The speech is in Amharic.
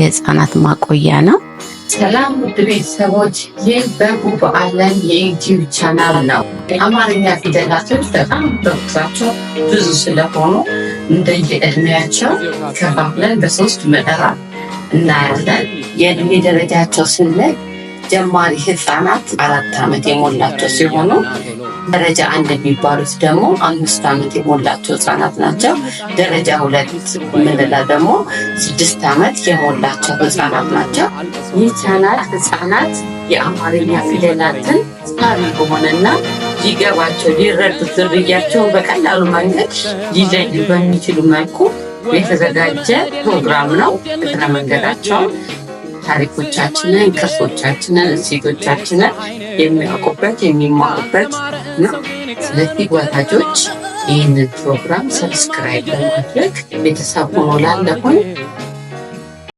የህፃናት ማቆያ ነው። ሰላም ውድ ቤተሰቦች፣ ይህ በቡ በአለም የዩቲዩብ ቻናል ነው። የአማርኛ ፊደላቶች በጣም በቁጥራቸው ብዙ ስለሆኑ እንደየእድሜያቸው ከፋፍለን በሶስት ምዕራፍ እናያለን። የእድሜ ደረጃቸው ስንል ጀማሪ ህፃናት አራት ዓመት የሞላቸው ሲሆኑ ደረጃ አንድ የሚባሉት ደግሞ አምስት ዓመት የሞላቸው ህፃናት ናቸው። ደረጃ ሁለት ምንላ ደግሞ ስድስት ዓመት የሞላቸው ህፃናት ናቸው። ይህ ቻናል ህፃናት የአማርኛ ፊደላትን ሳቢ በሆነና ሊገባቸው ሊረዱት ዝርያቸውን በቀላሉ መንገድ ሊለዩ በሚችሉ መልኩ የተዘጋጀ ፕሮግራም ነው። እግረ መንገዳቸውን ታሪኮቻችንን፣ ቅርሶቻችንን፣ እሴቶቻችንን የሚያውቁበት የሚማሩበት ነው። ስለዚህ ወላጆች ይህንን ፕሮግራም ሰብስክራይብ በማድረግ ቤተሰብ ሆኖ ላለሁን